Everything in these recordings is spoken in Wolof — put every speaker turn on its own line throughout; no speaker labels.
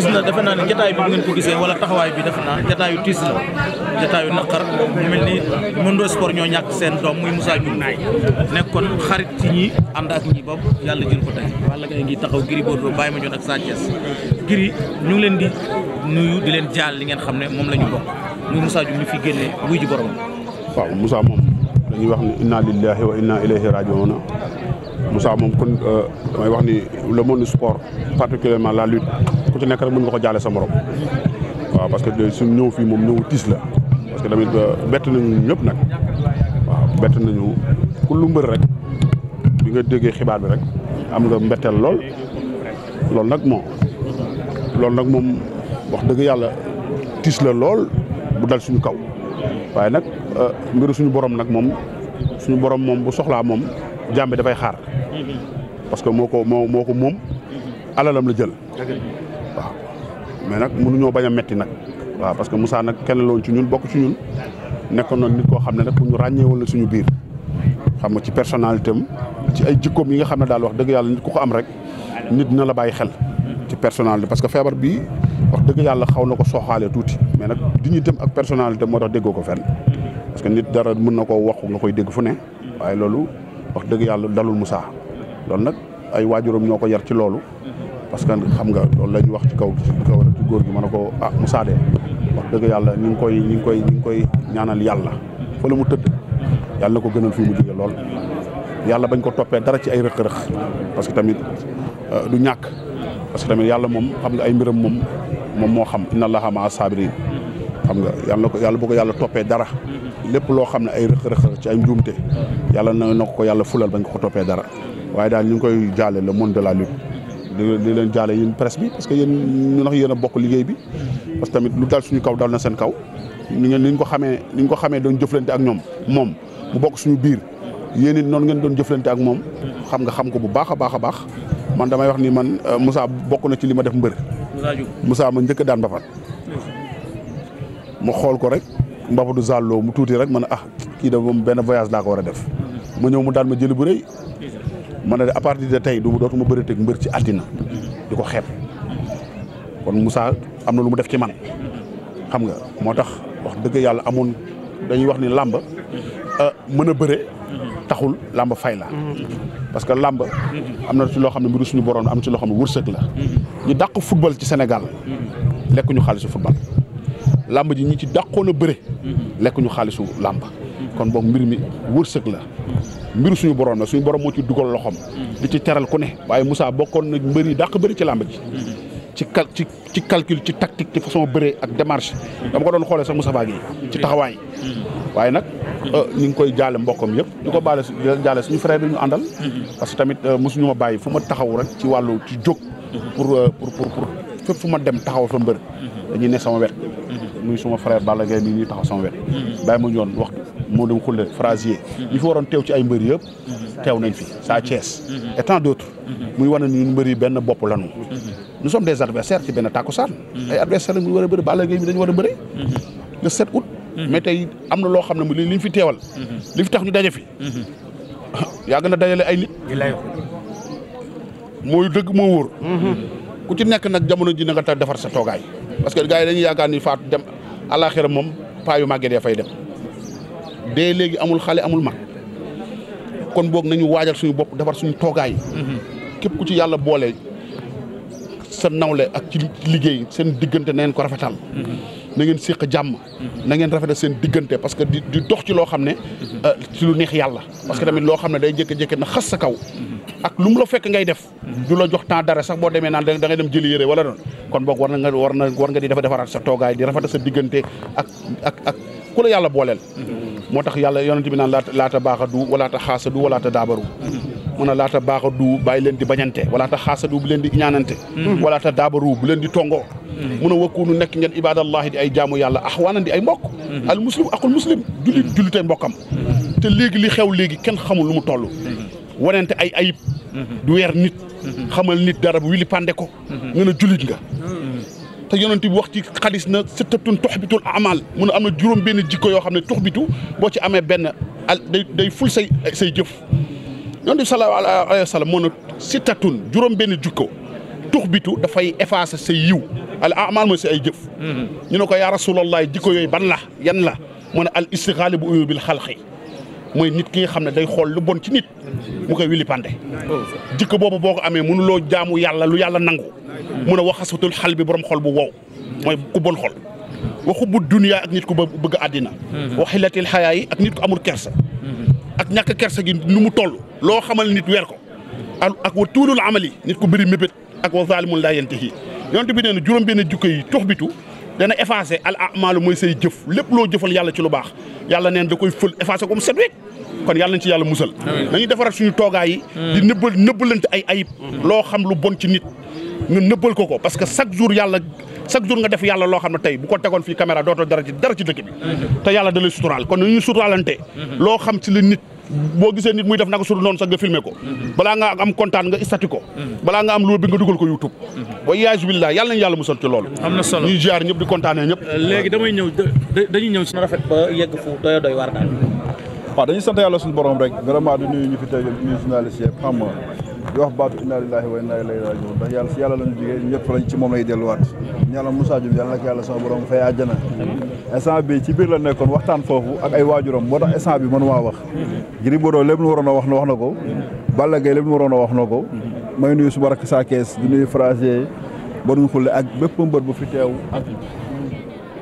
gis na defe naa ne bi bu ngeen ko gisee wala taxawaay bi defe naa jataayu tiis la jataayu naqar mu mel ni Mondo Sport ñoo ñàkk seen doom muy Moussa Diouf naay nekkoon xarit ci ñi ànd ak ñi ba yàlla jël ko tey Balla Gaye ngi taxaw Gris Bordeaux bàyyi ma ñoon ak Sa Thiès Gris ñu leen di nuyu di leen jaal li ngeen xam ne moom la ñu bokk muy Moussa Diouf ñu fi génnee wuy ji borom waaw moom dañuy wax ni inna lillahi wa inna ilayhi raji'un Moussa moom euh, wax ni le ku ci nekk rek mën nga ko jaale sa morom waaw parce que suñ ñëw fii moom ñëw tiis la parce que tamit euh, bett nañu ñëpp nag waaw bett nañu ku lu mbër rek bi nga déggee xibaar bi rek am nga mbetteel lool loolu nag moom loolu nag moom wax dëgg yàlla tiis la lool bu dal suñu kaw waaye nag euh, mbiru suñu borom nag moom suñu borom moom bu soxlaa moom jàmm bi dafay xaar parce que moo ko moo moo ko moom alalam la jël waaw mais nag mun mënuñoo bañ a metti nag waaw parce que Moussa nag kenn loon ci ñun bokk ci ñun nekkoon nit koo xam ne nag ku ñu ràññeewoon la suñu biir xam nga ci personnalité am ci ay jikkoom yi nga xam ne daal wax dëgg yàlla nit ku ko am rek nit dina la bàyyi xel ci personnalité parce que feebar bi wax dëgg yàlla xaw na ko soxaale tuuti mais nag di dignité ak personnalité moo tax déggoo ko fen parce que nit dara mën na koo wax nga koy dégg fu ne waaye loolu wax dëgg yàlla dalul Moussa loolu nag ay waajuram ñoo ko yar ci loolu parce que xam nga loolu la ñu wax ci kaw ci kaw ci góor gi mën a ko ah Moussa de wax dëgg yàlla ñu ngi koy ñu ngi koy ñu ngi koy ñaanal yàlla fa la mu tëdd yàlla na ko gënal fii mu jóge lool yàlla bañ ko toppee dara ci ay rëq-rëq que tamit euh, du ñàkk parce que yàlla moom xam nga ay mbiram moom moom moo xam inna allaha maa sabirin xam nga yàlla na ko yàlla bu yàlla toppee dara lépp loo xam ne ay rëq-rëq ci ay njuumte yàlla na na ko ko yàlla fulal bañ ko ko toppee dara waaye daal ñu ngi koy jaale le monde de la lutte di leen jaale yéen presse bi parce que ñu nax yéen a bokk liggéey bi parce que tamit lu dal suñu kaw daal na seen kaw ni ngeen ni ñu ko xamee ni ñu ko xamee doon jëflante ak ñoom moom mu bokk suñu biir yéen noonu ngeen doon jëflante ak moom xam nga xam ko bu baax a baax a baax man damay wax nii man euh, Moussa bokk na ci li ma def mbër musaa ma njëkk daan mbapat ma xool ko rek mbapatu zalloo mu tuuti rek man ah kii da moom benn voyage laa ko war a def ma ñëw mu daan ma jëli bu rëy ma ne à partir de tey du dootuma bëreet ak mbër ci àddina di ko xeeb kon Moussa am na lu mu def ci man xam nga moo tax wax dëgg yàlla amoon dañuy wax ni làmb
euh,
mën a bëre taxul làmb fay la parce que làmb am na ci loo xam ne mbiru suñu boroon am ci loo xam ne wërsëg la ñu dàq football ci Sénégal lekk xaalisu football làmb ji ñi ci dàqoon a bëre lekk xaalisu làmb kon boog mbir mi wërsëg la mbiru suñu borom la suñu borom moo ci dugal loxoom. di ci teral ku ne waaye Moussa bokkoon na mbëri dàq bëri ci làmb ji. ci cal ci ci calcul ci tactique ci façon bëree ak démarche. dama ko doon xoolee sax Moussa yi ci taxawaay. waaye nag euh, ñu ngi koy jaale mbokkam yëpp di ko baale jaale suñu frère yi ñu àndal. parce que tamit euh, mosuñu ma bàyyi fu ma taxaw rek ci wàllu ci jóg. pour euh, pour pour pour fépp fu ma dem taxaw fa mbër. dañuy ne sama wet. muy suma frère Balla Gaye nii ñuy taxaw sama Modou Khoule Frazier mhm. ñi fi waroon teew ci ay mbër yëpp mhm. teew nañ fi Sa mhm. Thiès et tant muy wane ni ñun yi benn bopp lañu nous sommes des adversaires ci benn tàkkusaan ay adversaires muy war a bëri Balla Gaye mi dañu war a bëri le 7 août mais tey am na loo xam ne li liñ fi teewal li fi tax ñu daje fi yàgg na dajale ay nit mooy dëgg moo wóor ku ci nekk nag jamono ji na nga ta defar sa toogaay parce que gars yi dañuy yaakaar ni faatu dem àllaaxira moom paa yu màgget ya fay dem dee léegi amul xale amul mag kon boog nañu waajal suñu bopp defar suñu toogaay. képp ku ci yàlla boole sa nawle ak ci liggéey seen diggante na ko rafetal. na ngeen séq jàmm. na ngeen rafetal seen diggante parce que di di dox ci loo xam ne. Euh, ci lu neex yàlla. parce que tamit loo xam ne day jékki-jékki na xas sa kaw. ak lu mu la fekk ngay def. du la jox temps dara sax boo demee naan da ngay dem jëli yére wala doon kon boog war na nga war na war nga di defaraat sa toogaay di rafetal sa diggante ak ak ku la yàlla booleel moo tax yàlla yonent bi naan laata baax a du walaata xaasa du walaata daabaru mu ne laata baax a du bàyyi leen di bañante walaata xaasa du bu leen di ñaanante mm-hmm. walaata daabaru bu leen di tongoo mm-hmm. mun a wakkuunu nekk ngeen ibadallahi di ay jaamu yàlla a axwaanan di ay mbokk mm-hmm. al muslim aqul muslim jullit jullitay mbokkam te léegi li xew léegi kenn xamul lu mu toll wanente ay ayib du weer nit xamal nit dara bu wili pande ko nga ne nga te yonent bi wax ci xadis na sittatun tuxbitul amal mu ne am na juróom benn jikko yoo xam ne tuxbitu boo ci amee benn al day day ful say say jëf yonent bi sallallahu alayhi wa sallam moo ne sittatun juróom benn jikko tuxbitu dafay effacer say yiw al amal mooy say ay jëf mm-hmm. ñu ne ko yaa rasulallah jikko yooyu ban la yan la mu ne al istighali bu uyu bil mooy nit ki nga xam ne day xool lu bon ci nit mu koy wili pande jikko boobu boo ko amee loo jaamu yàlla lu yàlla nangu mun a waxasatul xal bi borom xool bu wow mooy ku bon xool waxu bu duniyaa ak nit ku bëgg àddina waxilatil xayaa yi ak nit ku amul kersa ak ñàkk kersa gi nu mu toll loo xamal nit weer ko ak wa tuulul amali nit ku bëri mébét ak wa zaalimun laa yantahi yonent bi nee na juróom benn jikko yi tux bitu dana effacé al amaalu mooy say jëf lépp loo jëfal yàlla ci lu baax yàlla neen da koy fël effacé ko mu set wecc kon yàlla nañ ci yàlla musal nañu defaraat suñu toogaay hmm. di nëbbal nëbbalante ay ayib hmm. loo xam lu bon ci nit ñu nëbbal ko ko parce que chaque jour yàlla chaque jour nga def yàlla loo xam ne tey bu ko tegoon fii caméra dootoo dara ci dara ci dëkk bi hmm. te yàlla da suturaal kon nañu suturaalante loo xam ci la nit boo gisee nit muy def naka sudu noonu sax nga ko balaa nga am kontaan nga istati ko balaa nga am loolu bi nga dugal ko youtube wa yaaju billah yàlla nañu yàlla musal
ci loolu am na solo ñuy
jaar ñëpp di kontaanee ñëpp euh, léegi damay ñëw dañuy ñëw si rafet ba yegg fu doy doy war daal
waaw dañuy sant yàlla suñu borom rek vraiment di nuyu ñu fi tey ñuy journaliste yëpp di wax baatu inna lillahi wa inna ilayhi rajiun ndax yàlla si yàlla lañu jógee ñëpp lañ ci moom lay delluwaat ñaanal Moussa Dioum yàlla nag yàlla sama borom fay àjjana instant bi ci biir la nekkoon waxtaan foofu ak ay waajuram moo tax instant bi mënumaa wax Gris Bordeaux lépp lu waroon a wax na wax na ko Balla Gaye lépp lu waroon a wax na ko may nuyu suma rakk saa kees di nuyu Frasier ba duñ xulle ak bépp mbër bu fi teew ak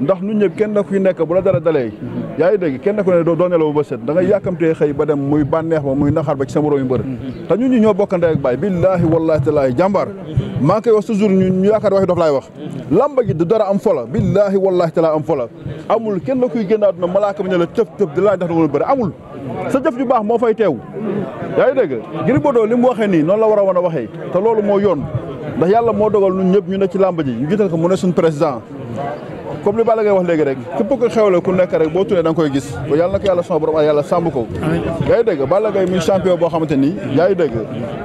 ndax nu ñëpp kenn ku nekk bu la dara dalee yaa ngi dégg kenn ku ne doo nelaw ba set da ngay yàkkamtee xëy ba dem muy bànneex ba muy naxar ba ci sa moroom yu mbër te ñun ñi ñoo bokkante ak baay billaahi wallaahi taalaahi jàmbaar maa ngi koy wax toujours ñu yaakaar waxi dof laay wax lamba gi du dara am fola billaahi wallaahi taalaahi am fola amul kenn kuy génn àdduna malaaka mi ne la tëf di laa def na nga bëri amul sa jëf ju baax moo fay teew yaa ngi dégg Gris Bordeaux li mu waxee nii noonu la war a wan a waxee te loolu moo yoon ndax yàlla moo dogal ñun ñëpp ñu ne ci làmb ji ñu jiital ko mu ne président comme li Balla ngay wax léegi rek képp ku xewle ku nekk rek boo tuddee da nga koy gis ko yàlla na ko yàlla sama borom ak yàlla sàmm ko yaa ngi dégg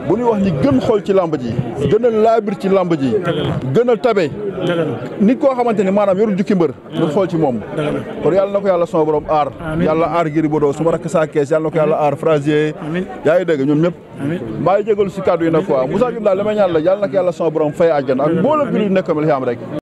wax ni gën xool ci làmb ji gën a laabir ci làmb ji gën a tabe nit koo xamante ni maanaam xool ci moom kon yàlla na ko yàlla sama borom aar yàlla aar Gris Bordeaux su ma rakk na ko yàlla aar Frazier ngi dégg ñun ñëpp mbaa jégalu si kàddu yi nag quoi Moussa Diop daal li may yàlla sama borom fay àjjana ak mbooloo bi lu nekk mel xiam rek